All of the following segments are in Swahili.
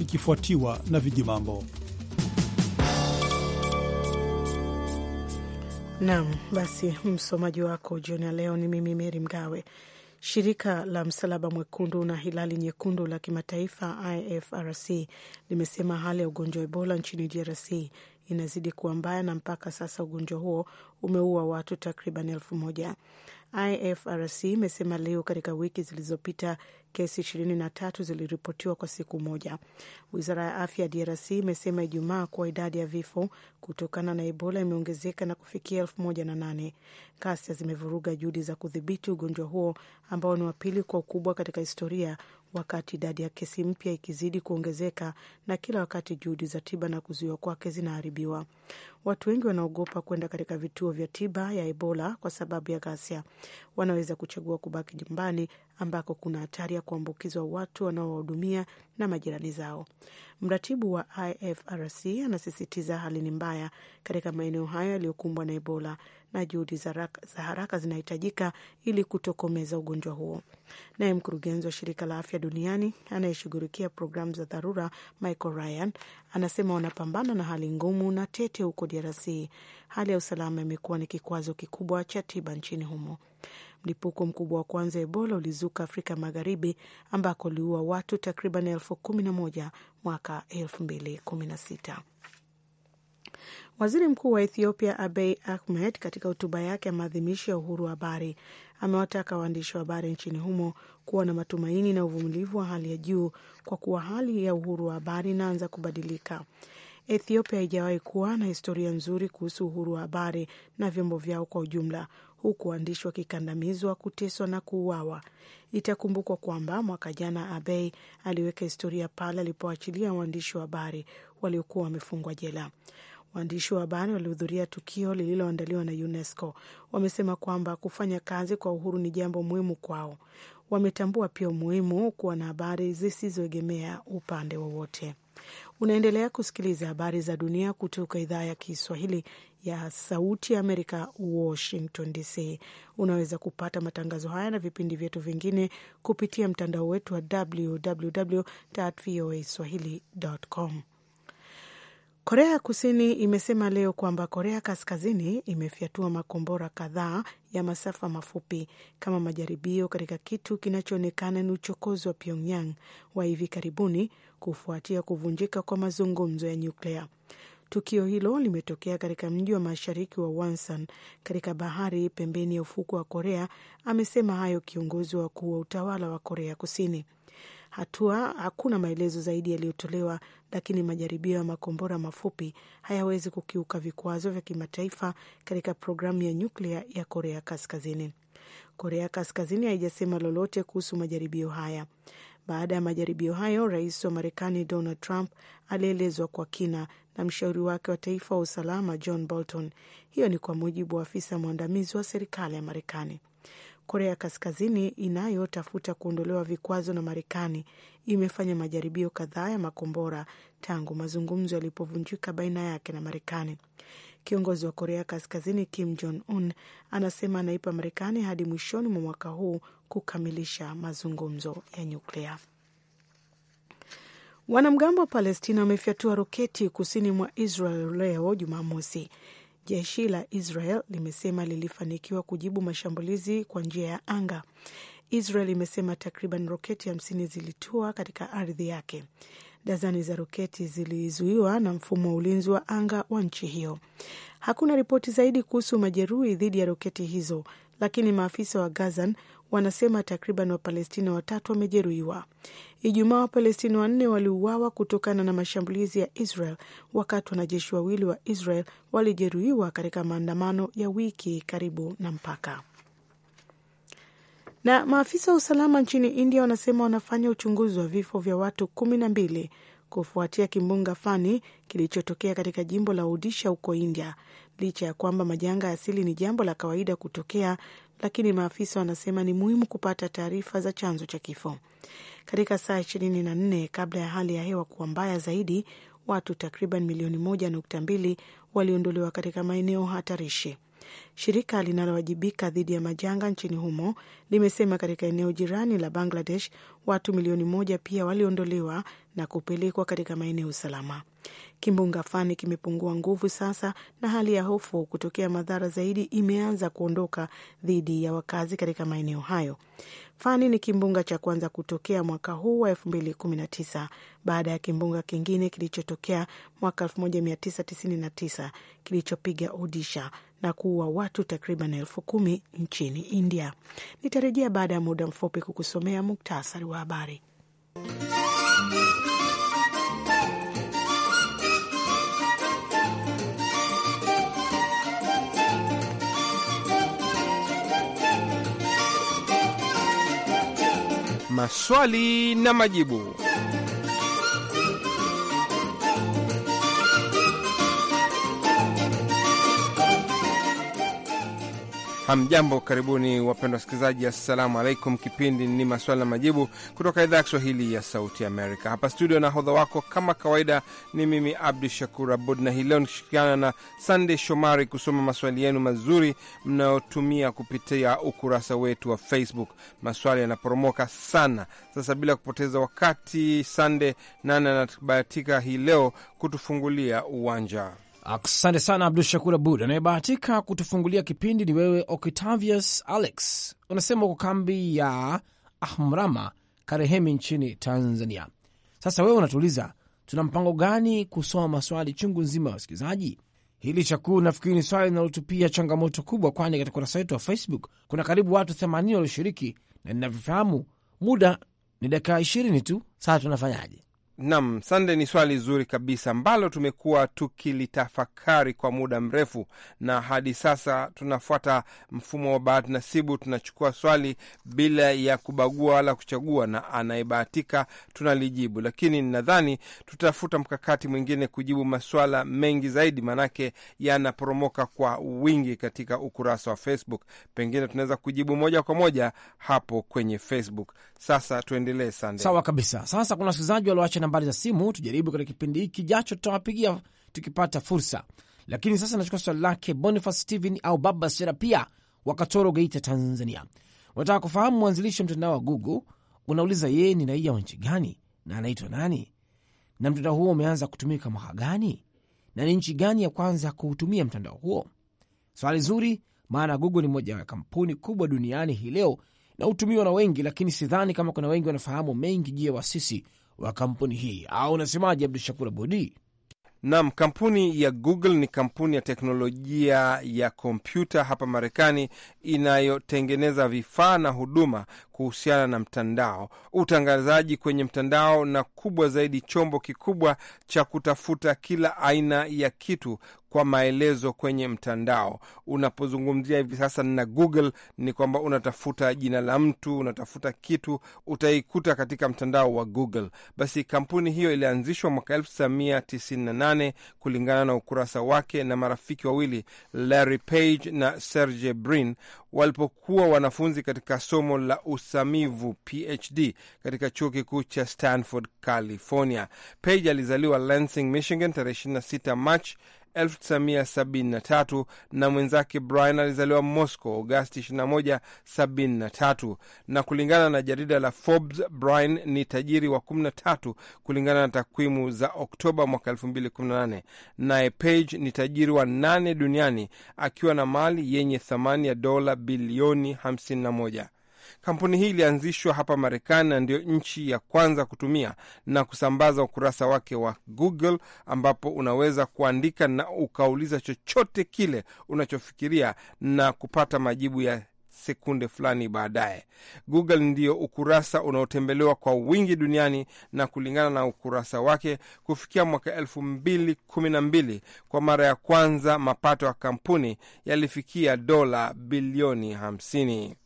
kikifuatiwa na vijimambo. Naam, basi msomaji wako jioni ya leo ni mimi Meri Mgawe. Shirika la Msalaba Mwekundu na Hilali Nyekundu la Kimataifa, IFRC, limesema hali ya ugonjwa wa Ebola nchini DRC inazidi kuwa mbaya na mpaka sasa ugonjwa huo umeua watu takriban elfu moja. IFRC imesema leo katika wiki zilizopita kesi ishirini na tatu ziliripotiwa kwa siku moja. Wizara ya afya ya DRC imesema Ijumaa kuwa idadi ya vifo kutokana na Ebola imeongezeka na kufikia elfu moja na nane. kasa zimevuruga juhudi za kudhibiti ugonjwa huo ambao ni wa pili kwa ukubwa katika historia wakati idadi ya kesi mpya ikizidi kuongezeka na kila wakati juhudi za tiba na kuzuiwa kwake zinaharibiwa. Watu wengi wanaogopa kwenda katika vituo vya tiba ya Ebola kwa sababu ya ghasia. Wanaweza kuchagua kubaki nyumbani ambako kuna hatari ya kuambukizwa watu wanaowahudumia na majirani zao. Mratibu wa IFRC anasisitiza hali ni mbaya katika maeneo hayo yaliyokumbwa na Ebola na juhudi za haraka zinahitajika ili kutokomeza ugonjwa huo. Naye mkurugenzi wa shirika la afya duniani anayeshughulikia programu za dharura Michael Ryan anasema wanapambana na hali ngumu na tete huko DRC. Hali ya usalama imekuwa ni kikwazo kikubwa cha tiba nchini humo. Mlipuko mkubwa wa kwanza Ebola ulizuka Afrika Magharibi, ambako uliua watu takriban elfu kumi na moja mwaka elfu mbili kumi na sita. Waziri Mkuu wa Ethiopia Abiy Ahmed katika hotuba yake ya maadhimisho ya uhuru wa habari amewataka waandishi wa habari nchini humo kuwa na matumaini na uvumilivu wa hali ya juu kwa kuwa hali ya uhuru wa habari inaanza kubadilika. Ethiopia haijawahi kuwa na historia nzuri kuhusu uhuru wa habari na vyombo vyao kwa ujumla, huku waandishi wakikandamizwa, kuteswa na kuuawa. Itakumbukwa kwamba mwaka jana Abei aliweka historia pale alipoachilia waandishi wa habari waliokuwa wamefungwa jela. Waandishi wa habari walihudhuria tukio lililoandaliwa na UNESCO wamesema kwamba kufanya kazi kwa uhuru ni jambo muhimu kwao. Wametambua pia umuhimu kuwa na habari zisizoegemea upande wowote. Unaendelea kusikiliza habari za dunia kutoka idhaa ya Kiswahili ya Sauti ya Amerika, Washington DC. Unaweza kupata matangazo haya na vipindi vyetu vingine kupitia mtandao wetu wa www voa swahili com Korea ya Kusini imesema leo kwamba Korea Kaskazini imefyatua makombora kadhaa ya masafa mafupi kama majaribio katika kitu kinachoonekana ni uchokozi wa Pyongyang wa hivi karibuni kufuatia kuvunjika kwa mazungumzo ya nyuklia. Tukio hilo limetokea katika mji wa mashariki wa Wonsan katika bahari pembeni ya ufuko wa Korea. Amesema hayo kiongozi wakuu wa utawala wa Korea Kusini hatua. Hakuna maelezo zaidi yaliyotolewa, lakini majaribio ya makombora mafupi hayawezi kukiuka vikwazo vya kimataifa katika programu ya nyuklia ya Korea Kaskazini. Korea Kaskazini haijasema lolote kuhusu majaribio haya. Baada ya majaribio hayo, rais wa Marekani Donald Trump alielezwa kwa kina na mshauri wake wa taifa wa usalama John Bolton. Hiyo ni kwa mujibu wa afisa mwandamizi wa serikali ya Marekani. Korea Kaskazini inayotafuta kuondolewa vikwazo na Marekani imefanya majaribio kadhaa ya makombora tangu mazungumzo yalipovunjika baina yake na Marekani. Kiongozi wa Korea Kaskazini Kim Jong Un anasema anaipa Marekani hadi mwishoni mwa mwaka huu kukamilisha mazungumzo ya nyuklia. Wanamgambo wa Palestina wamefyatua roketi kusini mwa Israel leo Jumamosi Jeshi la Israel limesema lilifanikiwa kujibu mashambulizi kwa njia ya anga. Israel imesema takriban roketi hamsini zilitua katika ardhi yake. Dazani za roketi zilizuiwa na mfumo wa ulinzi wa anga wa nchi hiyo. Hakuna ripoti zaidi kuhusu majeruhi dhidi ya roketi hizo, lakini maafisa wa Gazan wanasema takriban Wapalestina watatu wamejeruhiwa. Ijumaa, Wapalestina wanne waliuawa kutokana na mashambulizi ya Israel, wakati wanajeshi wawili wa Israel walijeruhiwa katika maandamano ya wiki karibu na mpaka na maafisa wa usalama nchini India wanasema wanafanya uchunguzi wa vifo vya watu kumi na mbili kufuatia kimbunga Fani kilichotokea katika jimbo la Odisha huko India. Licha ya kwamba majanga ya asili ni jambo la kawaida kutokea, lakini maafisa wanasema ni muhimu kupata taarifa za chanzo cha kifo katika saa ishirini na nne kabla ya hali ya hewa kuwa mbaya zaidi. Watu takriban milioni moja nukta mbili waliondolewa katika maeneo hatarishi. Shirika linalowajibika dhidi ya majanga nchini humo limesema katika eneo jirani la Bangladesh watu milioni moja pia waliondolewa na kupelekwa katika maeneo salama. Kimbunga Fani kimepungua nguvu sasa na hali ya hofu kutokea madhara zaidi imeanza kuondoka dhidi ya wakazi katika maeneo hayo. Fani ni kimbunga cha kwanza kutokea mwaka huu wa 2019 baada ya kimbunga kingine kilichotokea mwaka 1999 kilichopiga Odisha na kuua watu takriban elfu kumi nchini India. Nitarejea baada ya muda mfupi kukusomea muktasari wa habari. Maswali na majibu. Hamjambo, karibuni wapendwa wasikilizaji, assalamu alaikum. Kipindi ni maswali na majibu kutoka idhaa ya Kiswahili ya Sauti Amerika, hapa studio. Na hodha wako kama kawaida ni mimi Abdu Shakur Abud, na hii leo nikishirikiana na Sandey Shomari kusoma maswali yenu mazuri mnayotumia kupitia ukurasa wetu wa Facebook. Maswali yanaporomoka sana sasa. Bila kupoteza wakati, Sande nane anabahatika hii leo kutufungulia uwanja. Asante sana Abdu Shakur Abud. Anayebahatika kutufungulia kipindi ni wewe Octavius Alex, unasema uko kambi ya Ahmrama Karehemi nchini Tanzania. Sasa wewe unatuuliza tuna mpango gani kusoma maswali chungu nzima ya wasikilizaji. Hili chakuu nafikiri ni swali linalotupia changamoto kubwa, kwani katika ukurasa wetu wa Facebook kuna karibu watu 80 walioshiriki, na ninavyofahamu muda ni dakika 20 tu. Sasa tunafanyaje? Nam Sande, ni swali zuri kabisa ambalo tumekuwa tukilitafakari kwa muda mrefu, na hadi sasa tunafuata mfumo wa bahati nasibu. Tunachukua swali bila ya kubagua wala kuchagua, na anayebahatika tunalijibu, lakini nadhani tutafuta mkakati mwingine kujibu maswala mengi zaidi, maanake yanaporomoka kwa wingi katika ukurasa wa Facebook. Pengine tunaweza kujibu moja kwa moja hapo kwenye Facebook. Sasa tuendelee, Sande. Sawa kabisa. Sasa kuna wasikilizaji walioacha nambari za simu, tujaribu katika kipindi hiki kijacho, tutawapigia tukipata fursa. Lakini sasa nachukua swali lake Boniface Steven au Baba Serapia wa Katoro, Geita, Tanzania. Unataka kufahamu mwanzilishi wa mtandao wa Google. Unauliza yeye ni raia wa nchi gani na anaitwa nani, na mtandao huo umeanza kutumika mwaka gani, na ni nchi gani ya kwanza kuutumia mtandao huo? Swali zuri, maana Google ni moja ya kampuni kubwa duniani hii leo na hutumiwa na wengi, lakini sidhani kama kuna wengi wanafahamu mengi juu ya wasisi wa kampuni hii, au unasemaje, Abdu Shakur Abudi? Naam, kampuni ya Google ni kampuni ya teknolojia ya kompyuta hapa Marekani inayotengeneza vifaa na huduma kuhusiana na mtandao, utangazaji kwenye mtandao, na kubwa zaidi, chombo kikubwa cha kutafuta kila aina ya kitu kwa maelezo kwenye mtandao. Unapozungumzia hivi sasa na Google ni kwamba unatafuta jina la mtu, unatafuta kitu, utaikuta katika mtandao wa Google. Basi kampuni hiyo ilianzishwa mwaka 1998 kulingana na ukurasa wake na marafiki wawili Larry Page na Sergey Brin walipokuwa wanafunzi katika somo la usamivu PhD katika chuo kikuu cha Stanford, California. Page alizaliwa Lansing, Michigan tarehe 26 Machi 1973 na mwenzake Brian alizaliwa Moscow Agosti 21, 73. Na kulingana na jarida la Forbes, Brian ni tajiri wa 13 kulingana na takwimu za Oktoba mwaka 2018. Naye Page ni tajiri wa nane duniani akiwa na mali yenye thamani ya dola bilioni 51. Kampuni hii ilianzishwa hapa Marekani na ndiyo nchi ya kwanza kutumia na kusambaza ukurasa wake wa Google, ambapo unaweza kuandika na ukauliza chochote kile unachofikiria na kupata majibu ya sekunde fulani baadaye. Google ndio ukurasa unaotembelewa kwa wingi duniani, na kulingana na ukurasa wake, kufikia mwaka elfu mbili kumi na mbili kwa mara ya kwanza mapato ya kampuni yalifikia dola bilioni hamsini.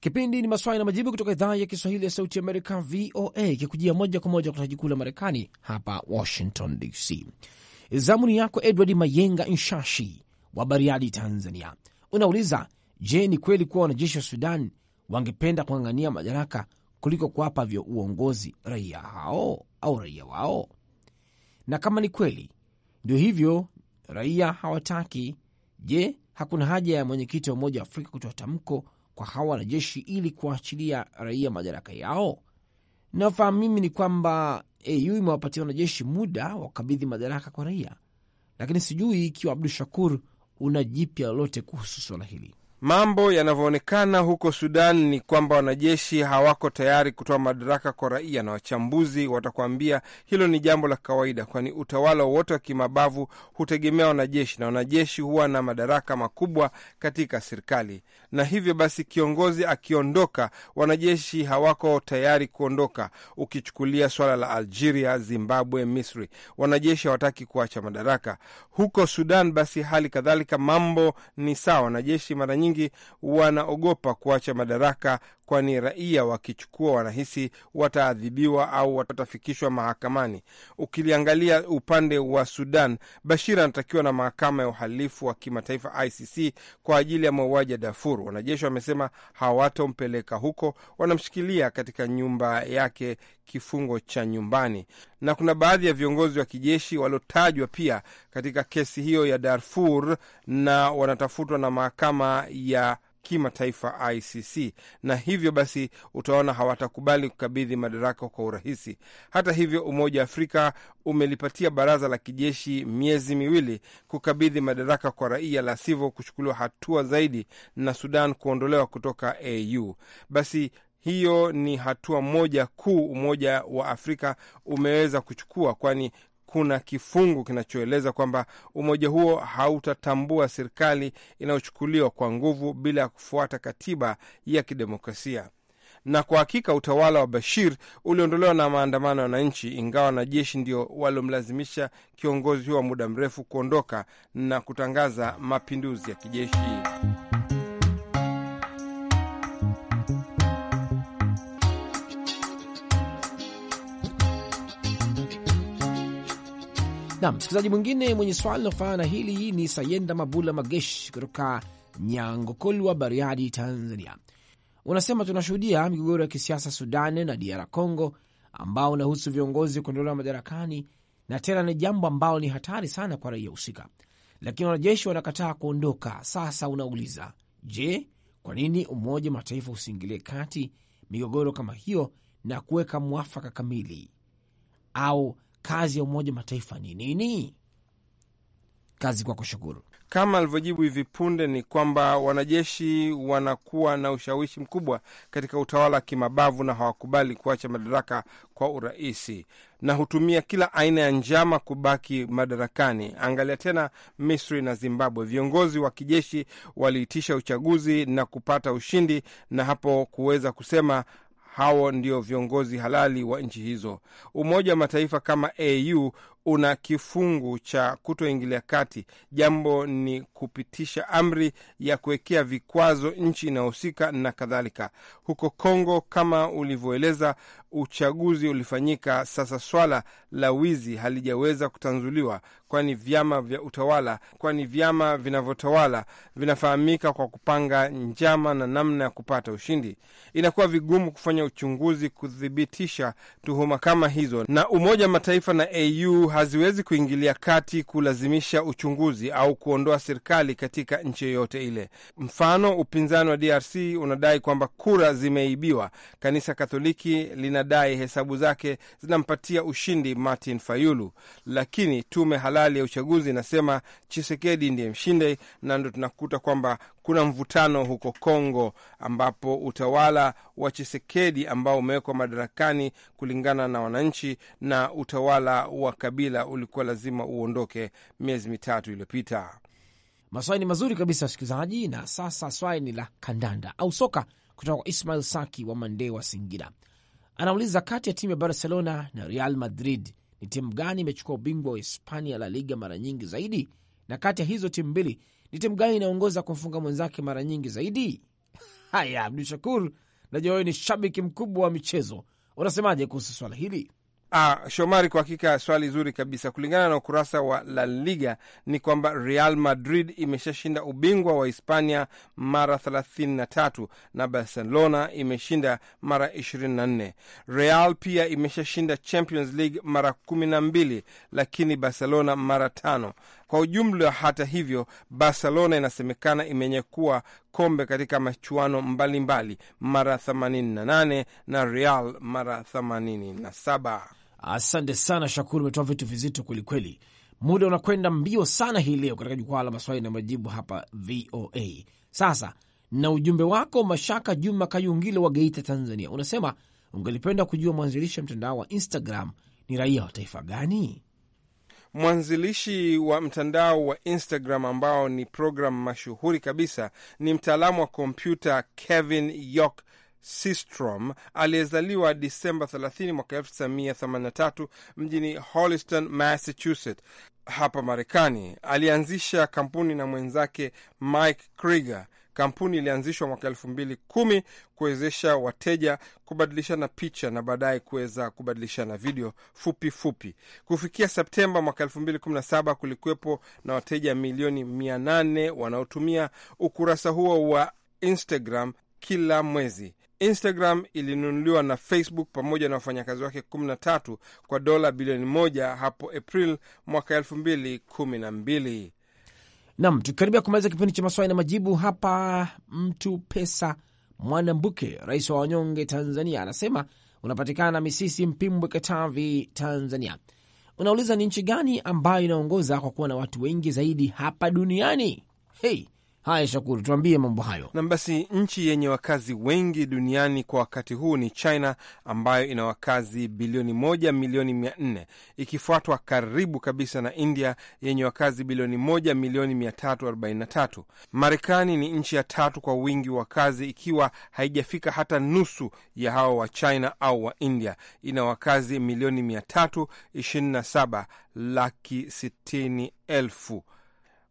Kipindi ni maswali na majibu kutoka idhaa ya Kiswahili ya Sauti Amerika, VOA, ikikujia moja kwa moja kutoka jiji kuu la Marekani hapa Washington DC. Zamu ni yako Edward Mayenga Nshashi wa Bariadi, Tanzania. Unauliza, je, ni kweli kuwa wanajeshi wa Sudan wangependa kung'ang'ania madaraka kuliko kuwapa vyo uongozi raia hao au raia wao? Na kama ni kweli ndio hivyo, raia hawataki, je, hakuna haja ya mwenyekiti wa Umoja wa Afrika kutoa tamko kwa hawa wanajeshi ili kuachilia raia madaraka yao? Nafahamu mimi ni kwamba AU imewapatia wanajeshi muda wa kukabidhi madaraka kwa raia, lakini sijui ikiwa Abdu Shakur una jipya lolote kuhusu swala hili. Mambo yanavyoonekana huko Sudan ni kwamba wanajeshi hawako tayari kutoa madaraka kwa raia, na wachambuzi watakuambia hilo ni jambo la kawaida, kwani utawala wowote wa kimabavu hutegemea wanajeshi, na wanajeshi huwa na madaraka makubwa katika serikali na hivyo basi kiongozi akiondoka, wanajeshi hawako tayari kuondoka. Ukichukulia swala la Algeria, Zimbabwe, Misri, wanajeshi hawataki kuacha madaraka. Huko Sudan basi hali kadhalika, mambo ni sawa. Wanajeshi mara nyingi wanaogopa kuacha madaraka kwani raia wakichukua wanahisi wataadhibiwa au watafikishwa mahakamani. Ukiliangalia upande wa Sudan, Bashir anatakiwa na mahakama ya uhalifu wa kimataifa ICC kwa ajili ya mauaji ya Darfur. Wanajeshi wamesema hawatompeleka huko, wanamshikilia katika nyumba yake kifungo cha nyumbani, na kuna baadhi ya viongozi wa kijeshi waliotajwa pia katika kesi hiyo ya Darfur na wanatafutwa na mahakama ya kimataifa ICC, na hivyo basi utaona hawatakubali kukabidhi madaraka kwa urahisi. Hata hivyo, Umoja wa Afrika umelipatia baraza la kijeshi miezi miwili kukabidhi madaraka kwa raia, la sivyo kuchukuliwa hatua zaidi na Sudan kuondolewa kutoka AU. Basi hiyo ni hatua moja kuu Umoja wa Afrika umeweza kuchukua, kwani kuna kifungu kinachoeleza kwamba umoja huo hautatambua serikali inayochukuliwa kwa nguvu bila ya kufuata katiba ya kidemokrasia. Na kwa hakika utawala wa Bashir uliondolewa na maandamano ya wananchi, ingawa wanajeshi ndio waliomlazimisha kiongozi huo wa muda mrefu kuondoka na kutangaza mapinduzi ya kijeshi. Na msikilizaji mwingine mwenye swali linaofanana na hili ni Sayenda Mabula Magesh kutoka Nyangokolwa, Bariadi, Tanzania. Unasema tunashuhudia migogoro ya kisiasa Sudan na DR Congo ambao unahusu viongozi kuondolewa madarakani, na tena ni jambo ambalo ni hatari sana kwa raia husika, lakini wanajeshi wanakataa kuondoka. Sasa unauliza, je, kwa nini Umoja wa Mataifa usiingilie kati migogoro kama hiyo na kuweka mwafaka kamili au kazi ya Umoja Mataifa ni nini? Kazi kwako, Shukuru. Kama alivyojibu hivi punde ni kwamba wanajeshi wanakuwa na ushawishi mkubwa katika utawala wa kimabavu na hawakubali kuacha madaraka kwa urahisi na hutumia kila aina ya njama kubaki madarakani. Angalia tena Misri na Zimbabwe, viongozi wa kijeshi waliitisha uchaguzi na kupata ushindi, na hapo kuweza kusema hao ndio viongozi halali wa nchi hizo. Umoja wa Mataifa kama AU una kifungu cha kutoingilia kati. Jambo ni kupitisha amri ya kuwekea vikwazo nchi inayohusika na kadhalika. Huko Kongo, kama ulivyoeleza, uchaguzi ulifanyika. Sasa swala la wizi halijaweza kutanzuliwa, kwani vyama vya utawala, kwani vyama vinavyotawala vinafahamika kwa kupanga njama na namna ya kupata ushindi. Inakuwa vigumu kufanya uchunguzi kuthibitisha tuhuma kama hizo, na Umoja wa Mataifa na AU haziwezi kuingilia kati kulazimisha uchunguzi au kuondoa serikali katika nchi yoyote ile. Mfano, upinzani wa DRC unadai kwamba kura zimeibiwa. Kanisa Katoliki linadai hesabu zake zinampatia ushindi Martin Fayulu, lakini tume halali ya uchaguzi inasema Chisekedi ndiye mshinde, na ndo tunakuta kwamba kuna mvutano huko Kongo ambapo utawala wa Chisekedi ambao umewekwa madarakani kulingana na wananchi na utawala wa Kabila ulikuwa lazima uondoke miezi mitatu iliyopita. Maswali ni mazuri kabisa, wasikilizaji. Na sasa swali ni la kandanda au soka kutoka kwa Ismail Saki wa wa Singida. Anauliza, kati ya timu ya Barcelona na Real Madrid ni timu gani imechukua ubingwa wa Hispania La Liga mara nyingi zaidi, na kati ya hizo timu mbili ni timu gani inaongoza kumfunga mwenzake mara nyingi zaidi? Haya, Abdu Shakur, najua wewe ni shabiki mkubwa wa michezo, unasemaje kuhusu swala hili? Ah, Shomari, kwa hakika swali zuri kabisa. Kulingana na ukurasa wa La Liga ni kwamba Real Madrid imeshashinda ubingwa wa Hispania mara 33 na Barcelona imeshinda mara 24. Real pia imeshashinda Champions League mara 12, lakini Barcelona mara tano. Kwa ujumla, hata hivyo, Barcelona inasemekana imenyekua kombe katika machuano mbalimbali mbali, mara 88 na Real mara 87. Asante sana Shakuru, umetoa vitu vizito kwelikweli. Muda unakwenda mbio sana hii leo katika jukwaa la maswali na majibu hapa VOA. Sasa na ujumbe wako Mashaka Juma Kayungilo wa Geita, Tanzania, unasema ungelipenda kujua mwanzilishi mtandao wa Instagram ni raia wa taifa gani? Mwanzilishi wa mtandao wa Instagram ambao ni programu mashuhuri kabisa ni mtaalamu wa kompyuta Kevin York Sistrom aliyezaliwa Disemba 30 mwaka 1983 mjini Holliston, Massachusetts, hapa Marekani. Alianzisha kampuni na mwenzake Mike Krieger. Kampuni ilianzishwa mwaka elfu mbili kumi kuwezesha wateja kubadilishana picha na baadaye kuweza kubadilishana video fupi fupi. Kufikia Septemba mwaka elfu mbili kumi na saba kulikuwepo na wateja milioni mia nane wanaotumia ukurasa huo wa Instagram kila mwezi. Instagram ilinunuliwa na Facebook pamoja na wafanyakazi wake 13 kwa dola bilioni moja hapo April mwaka 2012. Nam, tukikaribia kumaliza kipindi cha maswali na majibu hapa, mtu pesa Mwanambuke, rais wa wanyonge Tanzania, anasema unapatikana Misisi, Mpimbwe, Katavi, Tanzania. Unauliza, ni nchi gani ambayo inaongoza kwa kuwa na watu wengi zaidi hapa duniani? Hey, Haya, Shakuru, tuambie mambo hayo. Nam, basi nchi yenye wakazi wengi duniani kwa wakati huu ni China ambayo ina wakazi bilioni moja milioni mia nne ikifuatwa karibu kabisa na India yenye wakazi bilioni moja milioni mia tatu arobaini na tatu. Marekani ni nchi ya tatu kwa wingi wa wakazi ikiwa haijafika hata nusu ya hawa wa China au wa India. Ina wakazi milioni mia tatu ishirini na saba laki sitini elfu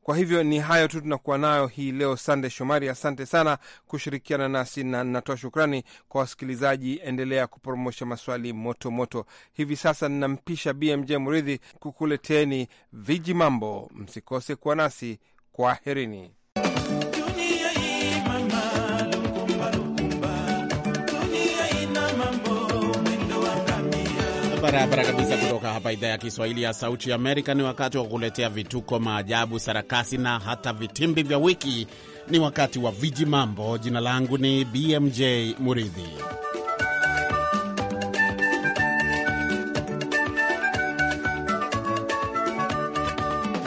kwa hivyo ni hayo tu tunakuwa nayo hii leo. Sande Shomari, asante sana kushirikiana nasi, na natoa shukrani kwa wasikilizaji. Endelea kuporomosha maswali moto moto. Hivi sasa ninampisha BMJ Muridhi kukuleteni viji mambo. Msikose kuwa nasi, kwaherini. barabara kabisa kutoka hapa idhaa ya Kiswahili ya Sauti Amerika. Ni wakati wa kuletea vituko, maajabu, sarakasi na hata vitimbi vya wiki. Ni wakati wa viji mambo. Jina langu ni BMJ Muridhi.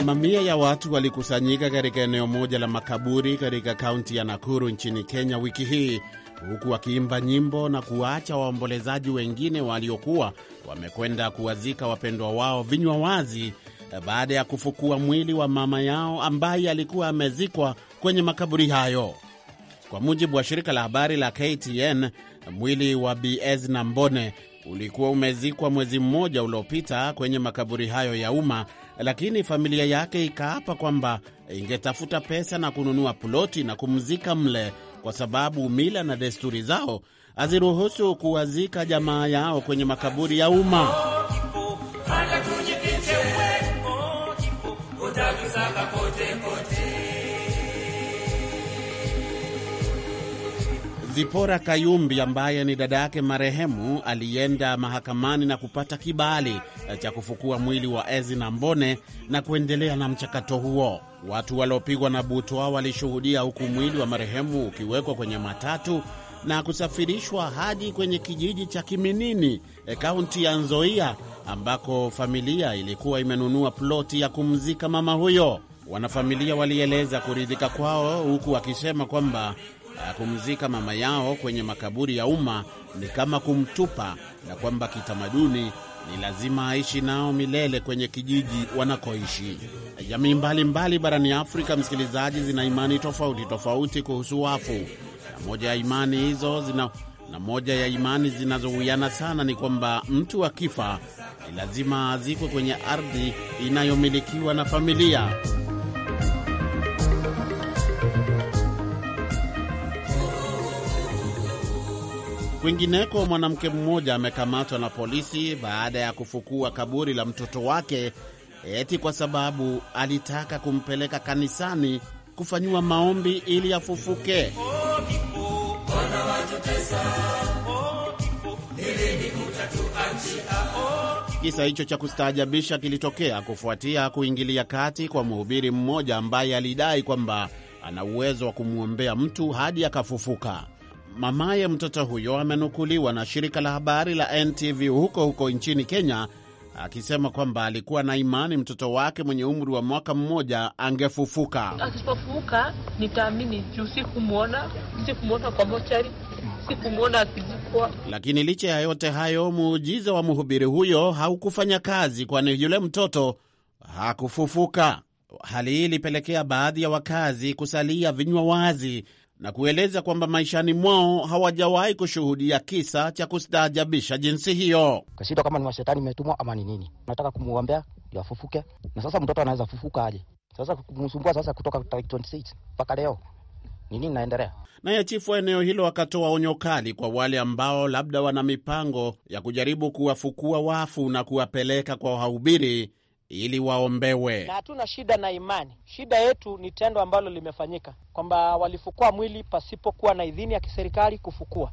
Mamia ya watu walikusanyika katika eneo moja la makaburi katika kaunti ya Nakuru nchini Kenya wiki hii huku wakiimba nyimbo na kuwaacha waombolezaji wengine waliokuwa wamekwenda kuwazika wapendwa wao vinywa wazi eh, baada ya kufukua mwili wa mama yao ambaye alikuwa amezikwa kwenye makaburi hayo. Kwa mujibu wa shirika la habari la KTN, mwili wa Bs Nambone ulikuwa umezikwa mwezi mmoja uliopita kwenye makaburi hayo ya umma, lakini familia yake ikaapa kwamba ingetafuta pesa na kununua ploti na kumzika mle kwa sababu mila na desturi zao haziruhusu kuwazika jamaa yao kwenye makaburi ya umma. Zipora Kayumbi ambaye ni dada yake marehemu alienda mahakamani na kupata kibali eh, cha kufukua mwili wa Ezi na Mbone na kuendelea na mchakato huo. Watu waliopigwa na butwa walishuhudia huku mwili wa marehemu ukiwekwa kwenye matatu na kusafirishwa hadi kwenye kijiji cha Kiminini, eh, kaunti ya Nzoia, ambako familia ilikuwa imenunua ploti ya kumzika mama huyo. Wanafamilia walieleza kuridhika kwao, huku wakisema kwamba kumzika mama yao kwenye makaburi ya umma ni kama kumtupa, na kwamba kitamaduni ni lazima aishi nao milele kwenye kijiji wanakoishi. Jamii mbalimbali barani Afrika, msikilizaji, zina imani tofauti tofauti kuhusu wafu, na moja ya imani hizo zina na moja ya imani zinazowiana sana ni kwamba mtu akifa ni lazima azikwe kwenye ardhi inayomilikiwa na familia. Kwingineko, mwanamke mmoja amekamatwa na polisi baada ya kufukua kaburi la mtoto wake eti kwa sababu alitaka kumpeleka kanisani kufanyiwa maombi ili afufuke. Kisa hicho cha kustaajabisha kilitokea kufuatia kuingilia kati kwa mhubiri mmoja ambaye alidai kwamba ana uwezo wa kumwombea mtu hadi akafufuka mamaye mtoto huyo amenukuliwa na shirika la habari la NTV huko huko nchini Kenya akisema kwamba alikuwa na imani mtoto wake mwenye umri wa mwaka mmoja angefufuka. Akipofuka nitaamini juu sikumwona, sikumwona kwa mochari, sikumwona akizikwa. Lakini licha ya yote hayo, muujiza wa mhubiri huyo haukufanya kazi, kwani yule mtoto hakufufuka. Hali hii ilipelekea baadhi ya wakazi kusalia vinywa wazi na kueleza kwamba maishani mwao hawajawahi kushuhudia kisa cha kustaajabisha jinsi hiyo. Kashindwa kama ni mashetani imetumwa ama ni nini. Nataka kumuombea ndio na sasa mtoto anaweza fufuka aje? Sasa kumsumbua sasa kutoka mpaka leo nini naendelea? Naye chifu wa eneo hilo akatoa onyo kali kwa wale ambao labda wana mipango ya kujaribu kuwafukua wafu na kuwapeleka kwa wahubiri ili waombewe. Na hatuna shida na imani, shida yetu ni tendo ambalo limefanyika, kwamba walifukua mwili pasipokuwa na idhini ya kiserikali kufukua.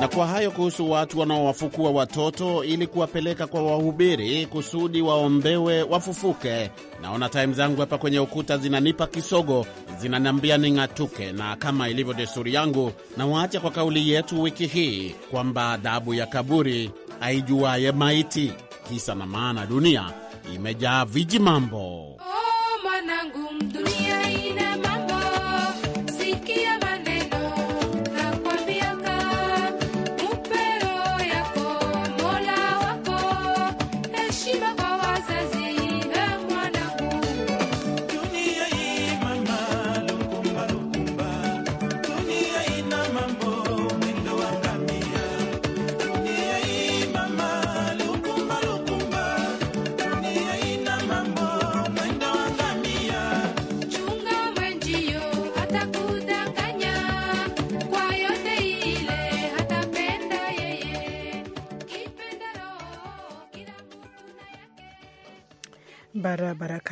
Na kwa hayo kuhusu watu wanaowafukua watoto ili kuwapeleka kwa wahubiri kusudi waombewe wafufuke. Naona taimu zangu hapa kwenye ukuta zinanipa kisogo, zinaniambia ning'atuke, na kama ilivyo desturi yangu, nawaacha kwa kauli yetu wiki hii kwamba adabu ya kaburi aijuaye maiti. Kisa na maana, dunia imejaa viji mambo. Oh,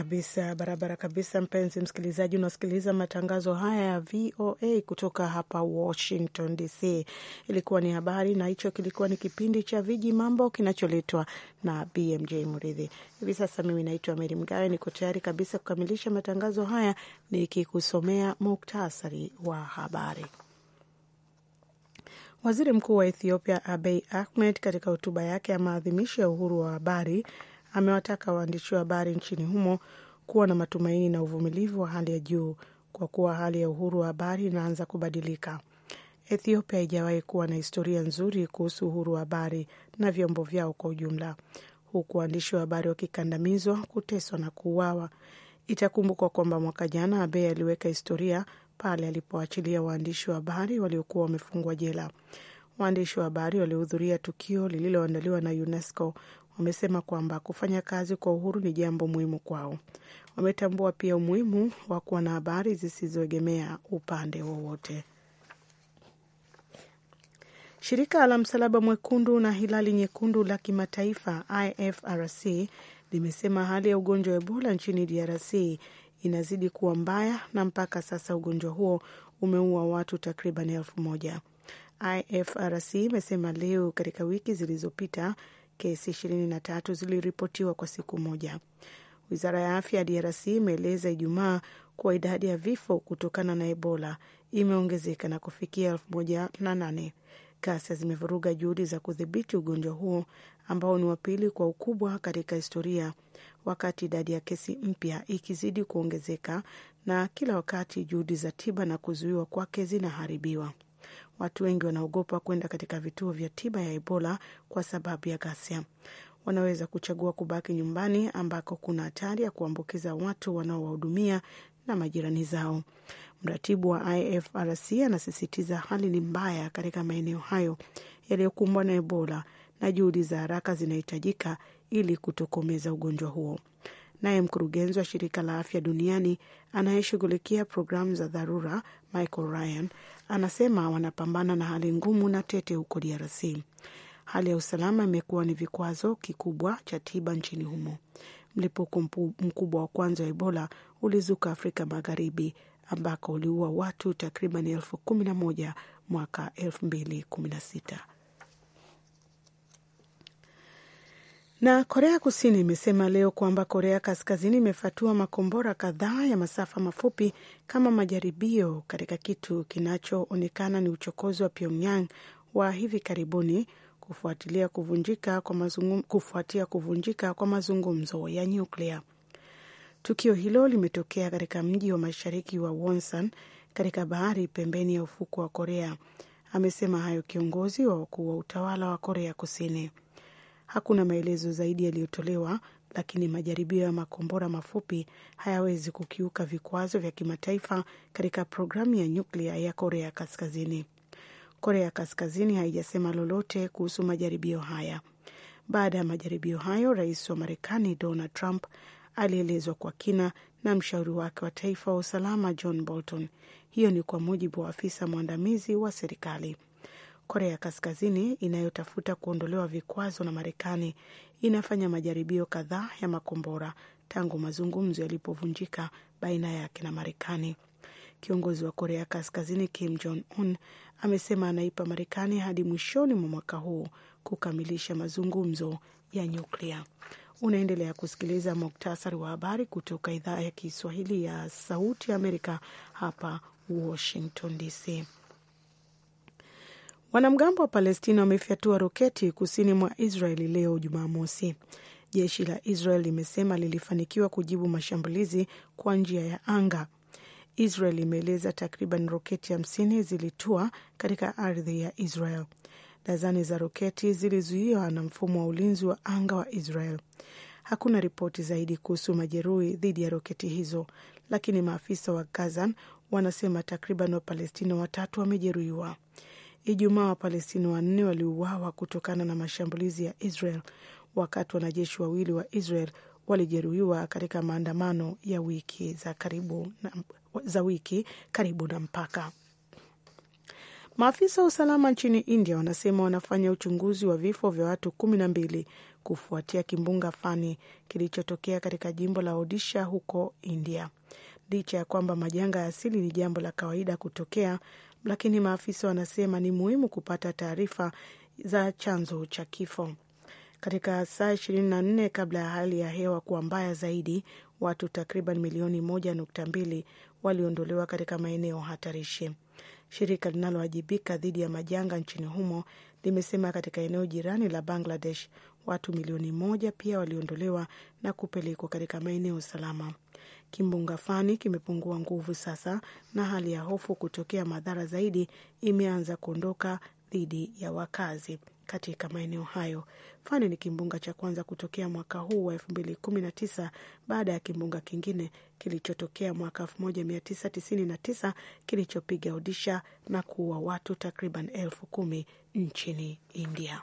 kabisa, barabara kabisa. Mpenzi msikilizaji, unasikiliza matangazo haya ya VOA kutoka hapa Washington DC. Ilikuwa ni habari, na hicho kilikuwa ni kipindi cha Viji Mambo kinacholetwa na BMJ Muridhi. Hivi sasa mimi naitwa Meri Mgawe, niko tayari kabisa kukamilisha matangazo haya nikikusomea muktasari wa habari. Waziri Mkuu wa Ethiopia Abiy Ahmed katika hotuba yake ya maadhimisho ya uhuru wa habari amewataka waandishi wa habari nchini humo kuwa na matumaini na uvumilivu wa hali ya juu kwa kuwa hali ya uhuru wa habari inaanza kubadilika. Ethiopia haijawahi kuwa na historia nzuri kuhusu uhuru wa habari na vyombo vyao kwa ujumla, huku waandishi wa habari wakikandamizwa, kuteswa na kuuawa. Itakumbukwa kwamba mwaka jana Abe aliweka historia pale alipoachilia waandishi wa habari waliokuwa wamefungwa jela. Waandishi wa habari walihudhuria tukio lililoandaliwa na UNESCO wamesema kwamba kufanya kazi kwa uhuru ni jambo muhimu kwao. Wametambua pia umuhimu wa kuwa na habari zisizoegemea upande wowote. Shirika la Msalaba Mwekundu na Hilali Nyekundu la Kimataifa, IFRC, limesema hali ya ugonjwa wa Ebola nchini DRC inazidi kuwa mbaya na mpaka sasa ugonjwa huo umeua watu takriban elfu moja. IFRC imesema leo katika wiki zilizopita kesi tatu ziliripotiwa kwa siku moja. Wizara ya afya ya DRC imeeleza Ijumaa kuwa idadi ya vifo kutokana na Ebola imeongezeka na kufikia elfu moja na nane. Ghasia zimevuruga juhudi za kudhibiti ugonjwa huo ambao ni wa pili kwa ukubwa katika historia, wakati idadi ya kesi mpya ikizidi kuongezeka na kila wakati juhudi za tiba na kuzuiwa kwake zinaharibiwa. Watu wengi wanaogopa kwenda katika vituo vya tiba ya Ebola kwa sababu ya ghasia. Wanaweza kuchagua kubaki nyumbani ambako kuna hatari ya kuambukiza watu wanaowahudumia na majirani zao. Mratibu wa IFRC anasisitiza hali ni mbaya katika maeneo hayo yaliyokumbwa na Ebola na juhudi za haraka zinahitajika ili kutokomeza ugonjwa huo. Naye mkurugenzi wa shirika la afya duniani anayeshughulikia programu za dharura Michael Ryan anasema wanapambana na hali ngumu na tete huko DRC. Hali ya usalama imekuwa ni vikwazo kikubwa cha tiba nchini humo. Mlipuko mkubwa wa kwanza wa Ebola ulizuka Afrika Magharibi, ambako uliua watu takriban elfu kumi na moja mwaka elfu mbili kumi na sita. Na Korea Kusini imesema leo kwamba Korea Kaskazini imefatua makombora kadhaa ya masafa mafupi kama majaribio katika kitu kinachoonekana ni uchokozi wa Pyongyang wa hivi karibuni kufuatia kuvunjika kwa mazungum, kufuatia kuvunjika kwa mazungumzo ya nyuklia. Tukio hilo limetokea katika mji wa mashariki wa Wonsan katika bahari pembeni ya ufuko wa Korea. Amesema hayo kiongozi wa wakuu wa utawala wa Korea Kusini. Hakuna maelezo zaidi yaliyotolewa, lakini majaribio ya makombora mafupi hayawezi kukiuka vikwazo vya kimataifa katika programu ya nyuklia ya Korea Kaskazini. Korea Kaskazini haijasema lolote kuhusu majaribio haya. Baada ya majaribio hayo, rais wa Marekani Donald Trump alielezwa kwa kina na mshauri wake wa taifa wa usalama John Bolton. Hiyo ni kwa mujibu wa afisa mwandamizi wa serikali. Korea Kaskazini inayotafuta kuondolewa vikwazo na Marekani inafanya majaribio kadhaa ya makombora tangu mazungumzo yalipovunjika baina yake na Marekani. Kiongozi wa Korea Kaskazini Kim Jong Un amesema anaipa Marekani hadi mwishoni mwa mwaka huu kukamilisha mazungumzo ya nyuklia. Unaendelea kusikiliza muktasari wa habari kutoka idhaa ya Kiswahili ya Sauti ya Amerika hapa Washington DC. Wanamgambo wa Palestina wamefyatua roketi kusini mwa Israeli leo Jumamosi. Jeshi la Israel limesema lilifanikiwa kujibu mashambulizi kwa njia ya anga. Israel imeeleza takriban roketi hamsini zilitua katika ardhi ya Israel. Dazani za roketi zilizuiwa na mfumo wa ulinzi wa anga wa Israel. Hakuna ripoti zaidi kuhusu majeruhi dhidi ya roketi hizo, lakini maafisa wa gazan wanasema takriban Wapalestina watatu wamejeruhiwa. Ijumaa Wapalestina wanne waliuawa kutokana na mashambulizi ya Israel, wakati wanajeshi wawili wa Israel walijeruhiwa katika maandamano ya wiki za karibu na, za wiki karibu na mpaka. Maafisa wa usalama nchini India wanasema wanafanya uchunguzi wa vifo vya watu kumi na mbili kufuatia kimbunga Fani kilichotokea katika jimbo la Odisha huko India. Licha ya kwamba majanga ya asili ni jambo la kawaida kutokea, lakini maafisa wanasema ni muhimu kupata taarifa za chanzo cha kifo. Katika saa ishirini nne kabla ya hali ya hewa kuwa mbaya zaidi, watu takriban milioni mbili waliondolewa katika maeneo hatarishi. Shirika linalowajibika dhidi ya majanga nchini humo limesema katika eneo jirani la Bangladesh watu milioni moja pia waliondolewa na kupelekwa katika maeneo salama. Kimbunga Fani kimepungua nguvu sasa na hali ya hofu kutokea madhara zaidi imeanza kuondoka dhidi ya wakazi katika maeneo hayo. Fani ni kimbunga cha kwanza kutokea mwaka huu wa elfu mbili kumi na tisa baada ya kimbunga kingine kilichotokea mwaka elfu moja mia tisa tisini na tisa kilichopiga Odisha na kuua watu takriban elfu kumi nchini India.